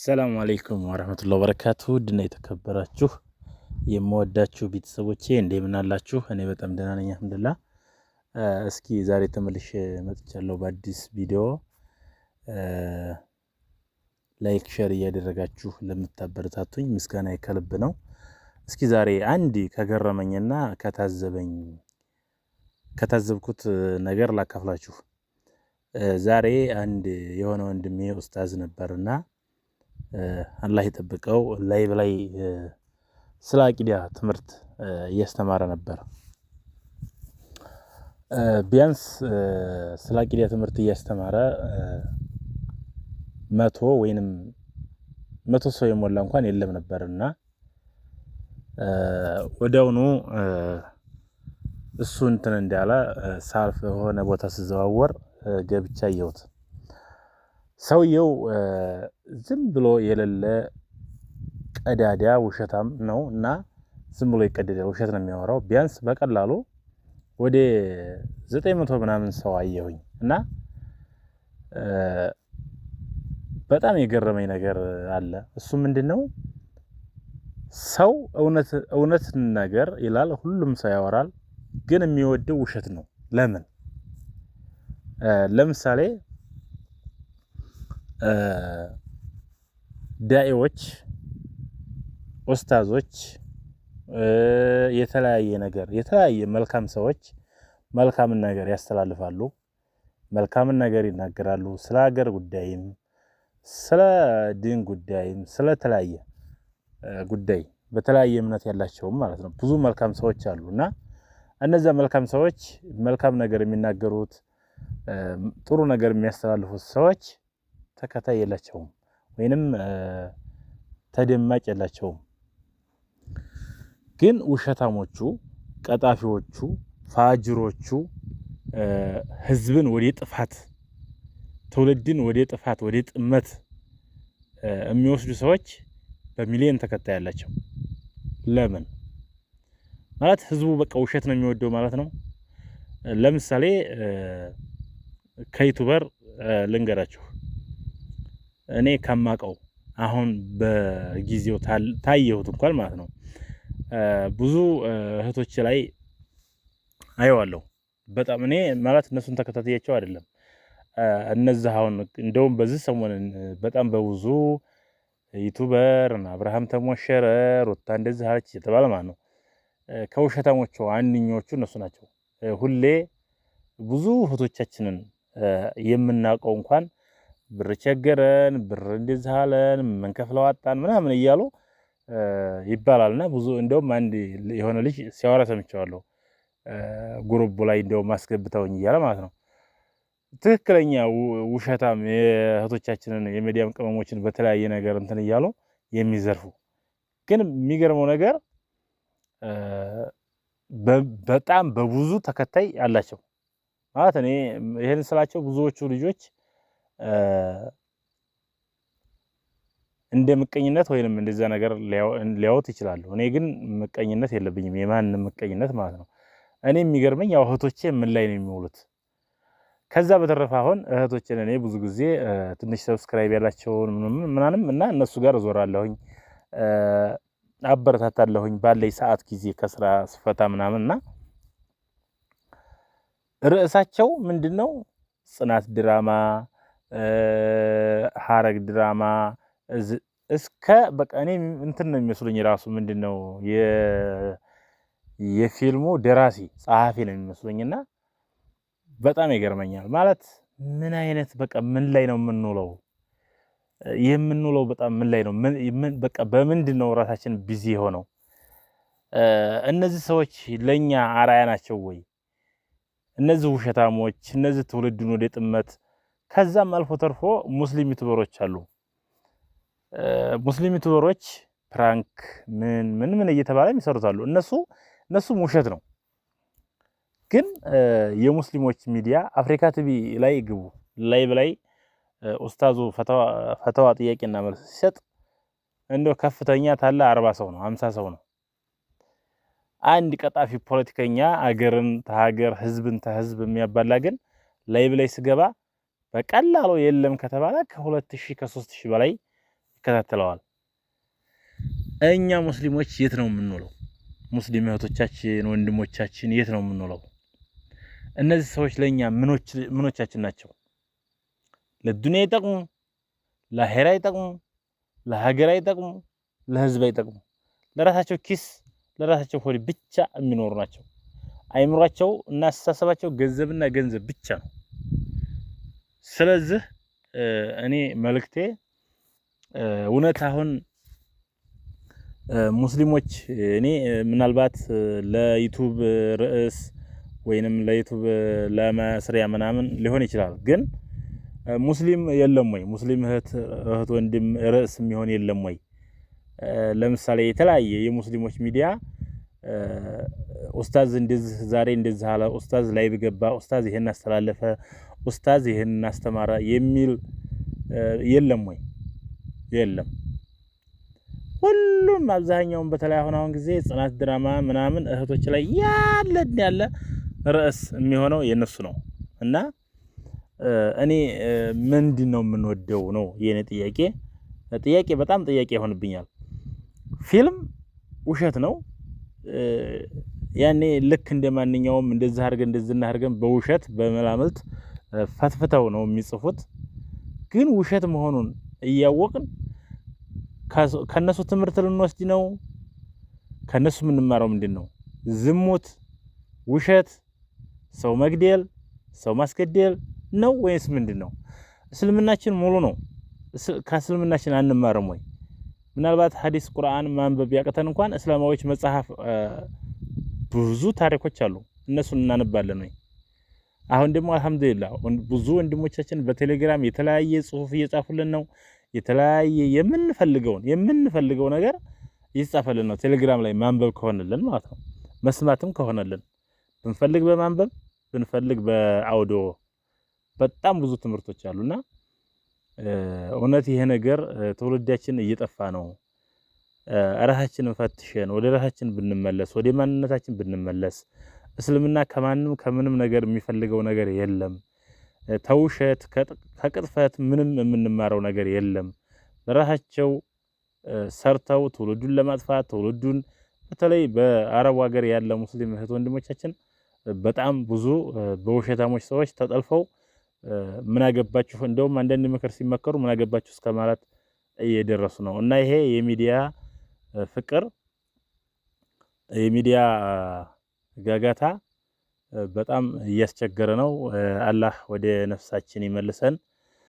ሰላም አለይኩም ወረህመቱላሂ ወበረካቱ ድና የተከበራችሁ የምወዳችሁ ቤተሰቦቼ እንደምን አላችሁ? እኔ በጣም ደህና ነኝ አልሐምዱላ። እስኪ ዛሬ ተመልሼ መጥቻለሁ በአዲስ ቪዲዮ። ላይክ ሸር እያደረጋችሁ ለምታበረታቱኝ ምስጋና ከልብ ነው። እስኪ ዛሬ አንድ ከገረመኝና ከታዘበኝ ከታዘብኩት ነገር ላካፍላችሁ። ዛሬ አንድ የሆነ ወንድሜ ኡስታዝ ነበርና አላህ የጠብቀው ላይ በላይ ስለ አቂዳ ትምህርት እያስተማረ ነበር። ቢያንስ ስለ አቂዳ ትምህርት እያስተማረ መቶ ወይንም መቶ ሰው የሞላ እንኳን የለም ነበር እና ወዲያውኑ እሱ እንትን እንዳለ ሳልፍ የሆነ ቦታ ስዘዋወር ገብቻ አየሁት ሰውየው ዝም ብሎ የሌለ ቀዳዳ ውሸታም ነው እና ዝም ብሎ ይቀደዳል። ውሸት ነው የሚያወራው። ቢያንስ በቀላሉ ወደ ዘጠኝ መቶ ምናምን ሰው አየሁኝ እና በጣም የገረመኝ ነገር አለ። እሱ ምንድን ነው? ሰው እውነት ነገር ይላል፣ ሁሉም ሰው ያወራል፣ ግን የሚወደው ውሸት ነው። ለምን? ለምሳሌ ዳኤዎች፣ ኡስታዞች፣ የተለያየ ነገር የተለያየ መልካም ሰዎች መልካምን ነገር ያስተላልፋሉ፣ መልካምን ነገር ይናገራሉ። ስለ ሀገር ጉዳይም ስለ ዲን ጉዳይም ስለተለያየ ጉዳይ በተለያየ እምነት ያላቸውም ማለት ነው ብዙ መልካም ሰዎች አሉ እና እነዚያ መልካም ሰዎች መልካም ነገር የሚናገሩት ጥሩ ነገር የሚያስተላልፉት ሰዎች ተከታይ የላቸውም። ወይንም ተደማጭ የላቸውም። ግን ውሸታሞቹ፣ ቀጣፊዎቹ፣ ፋጅሮቹ ህዝብን ወደ ጥፋት፣ ትውልድን ወደ ጥፋት፣ ወደ ጥመት የሚወስዱ ሰዎች በሚሊዮን ተከታይ ያላቸው ለምን ማለት ህዝቡ በቃ ውሸት ነው የሚወደው ማለት ነው። ለምሳሌ ከዩቱበር ልንገራችሁ እኔ ከማቀው አሁን በጊዜው ታየሁት እንኳን ማለት ነው ብዙ እህቶች ላይ አየዋለሁ። በጣም እኔ ማለት እነሱን ተከታተያቸው አይደለም እነዚህ አሁን እንደውም በዚህ ሰሞን በጣም በብዙ ዩቱበር አብርሃም ተሞሸረ ሩታ እንደዚህ አለች የተባለ ማለት ነው ከውሸታሞቹ አንድኞቹ እነሱ ናቸው። ሁሌ ብዙ እህቶቻችንን የምናውቀው እንኳን ብር ቸገረን፣ ብር እንደዚህ አለን፣ መንከፍለው አጣን ምናምን እያሉ ይባላል እና ብዙ እንደውም አንድ የሆነ ልጅ ሲያወራ ሰምቼዋለሁ። ጉሩቡ ላይ እንደውም አስገብተውኝ እያለ ማለት ነው። ትክክለኛ ውሸታም የእህቶቻችንን የሚዲያም ቅመሞችን በተለያየ ነገር እንትን እያሉ የሚዘርፉ ግን የሚገርመው ነገር በጣም በብዙ ተከታይ አላቸው ማለት እኔ ይህን ስላቸው ብዙዎቹ ልጆች እንደ ምቀኝነት ወይንም እንደዛ ነገር ሊያወት ይችላሉ። እኔ ግን ምቀኝነት የለብኝም፣ የማንም ምቀኝነት ማለት ነው። እኔ የሚገርመኝ ያው እህቶቼ ምን ላይ ነው የሚውሉት? ከዛ በተረፈ አሁን እህቶችን እኔ ብዙ ጊዜ ትንሽ ሰብስክራይብ ያላቸውን ምናምን እና እነሱ ጋር እዞራለሁኝ አበረታታለሁኝ ባለኝ ሰዓት ጊዜ ከስራ ስፈታ ምናምን እና ርዕሳቸው ምንድን ነው ጽናት ድራማ ሀረግ ድራማ እስከ በቃ እኔ እንትን ነው የሚመስሉኝ ራሱ ምንድን ነው የፊልሙ ደራሲ ጸሐፊ ነው የሚመስሉኝ እና በጣም ይገርመኛል። ማለት ምን አይነት በቃ ምን ላይ ነው የምንውለው የምንውለው በጣም ምን ላይ ነው በቃ በምንድን ነው ራሳችን ቢዚ የሆነው? እነዚህ ሰዎች ለእኛ አራያ ናቸው ወይ? እነዚህ ውሸታሞች፣ እነዚህ ትውልድን ወደ ጥመት ከዛም አልፎ ተርፎ ሙስሊም ዩቱበሮች አሉ። ሙስሊም ዩቱበሮች ፕራንክ ምን ምን ምን እየተባለ ይሰሩታሉ። እነሱ እነሱም ውሸት ነው። ግን የሙስሊሞች ሚዲያ አፍሪካ ቲቪ ላይ ግቡ። ላይ በላይ ኡስታዙ ፈተዋ ጥያቄና መልስ ሲሰጥ እንደው ከፍተኛ ታላ አርባ ሰው ነው አምሳ ሰው ነው። አንድ ቀጣፊ ፖለቲከኛ አገርን ተሀገር ህዝብን ተህዝብ የሚያባላ ግን ላይ በላይ ስገባ በቀላሉ የለም ከተባለ ከሁለት ሺህ ከሶስት ሺህ በላይ ይከታተለዋል። እኛ ሙስሊሞች የት ነው የምንውለው? ሙስሊም እህቶቻችን ወንድሞቻችን የት ነው የምንውለው? እነዚህ ሰዎች ለእኛ ምኖቻችን ናቸው? ለዱንያ ይጠቅሙ፣ ለአሄራ ይጠቅሙ፣ ለሀገራ ይጠቅሙ ለህዝብ አይጠቅሙ። ለራሳቸው ኪስ ለራሳቸው ሆድ ብቻ የሚኖሩ ናቸው። አይምሯቸው እና አስተሳሰባቸው ገንዘብና ገንዘብ ብቻ ነው። ስለዚህ እኔ መልእክቴ እውነት አሁን ሙስሊሞች እኔ ምናልባት ለዩቱብ ርዕስ ወይንም ለዩቱብ ለመስሪያ ምናምን ሊሆን ይችላል። ግን ሙስሊም የለም ወይ ሙስሊም እህት እህት ወንድም ርዕስ የሚሆን የለም ወይ? ለምሳሌ የተለያየ የሙስሊሞች ሚዲያ ኡስታዝ እንደዚህ ዛሬ እንደዚህ አለ፣ ኡስታዝ ላይ ገባ፣ ኡስታዝ ይሄን አስተላለፈ፣ ኡስታዝ ይህን አስተማረ የሚል የለም ወይ? የለም። ሁሉም አብዛኛውን በተለይ አሁን አሁን ጊዜ ጽናት ድራማ ምናምን እህቶች ላይ ያለን ያለ ርዕስ የሚሆነው የነሱ ነው እና እኔ ምንድን ነው የምንወደው ነው የኔ ጥያቄ። ጥያቄ በጣም ጥያቄ ይሆንብኛል። ፊልም ውሸት ነው። ያኔ ልክ እንደ ማንኛውም እንደዚህ አድርገን እንደዚህ አድርገን በውሸት በመላምልት ፈትፍተው ነው የሚጽፉት። ግን ውሸት መሆኑን እያወቅን ከነሱ ትምህርት ልንወስድ ነው። ከነሱ የምንማረው ምንድን ነው? ዝሙት፣ ውሸት፣ ሰው መግደል፣ ሰው ማስገደል ነው ወይስ ምንድን ነው? እስልምናችን ሙሉ ነው። ከእስልምናችን አንማርም ወይ? ምናልባት ሐዲስ ቁርአን ማንበብ ያቅተን እንኳን እስላማዎች መጽሐፍ ብዙ ታሪኮች አሉ። እነሱን እናነባለን ወይ? አሁን ደግሞ አልሐምዱሊላ ብዙ ወንድሞቻችን በቴሌግራም የተለያየ ጽሁፍ እየጻፉልን ነው። የተለያየ የምንፈልገውን የምንፈልገው ነገር እየጻፈልን ነው። ቴሌግራም ላይ ማንበብ ከሆነልን ማለት ነው፣ መስማትም ከሆነልን ብንፈልግ በማንበብ ብንፈልግ በአውዶ በጣም ብዙ ትምህርቶች አሉና እውነት ይሄ ነገር ትውልዳችን እየጠፋ ነው። ራሳችንን ፈትሸን ወደ ራሳችን ብንመለስ ወደ ማንነታችን ብንመለስ እስልምና ከማንም ከምንም ነገር የሚፈልገው ነገር የለም። ተውሸት ከቅጥፈት ምንም የምንማረው ነገር የለም። በራሳቸው ሰርተው ትውልዱን ለማጥፋት ትውልዱን በተለይ በአረቡ ሀገር ያለ ሙስሊም እህት ወንድሞቻችን በጣም ብዙ በውሸታሞች ሰዎች ተጠልፈው ምናገባችሁ እንደውም አንዳንድ ምክር ሲመከሩ ምናገባችሁ እስከ ማለት እየደረሱ ነው። እና ይሄ የሚዲያ ፍቅር የሚዲያ ጋጋታ በጣም እያስቸገረ ነው። አላህ ወደ ነፍሳችን ይመልሰን።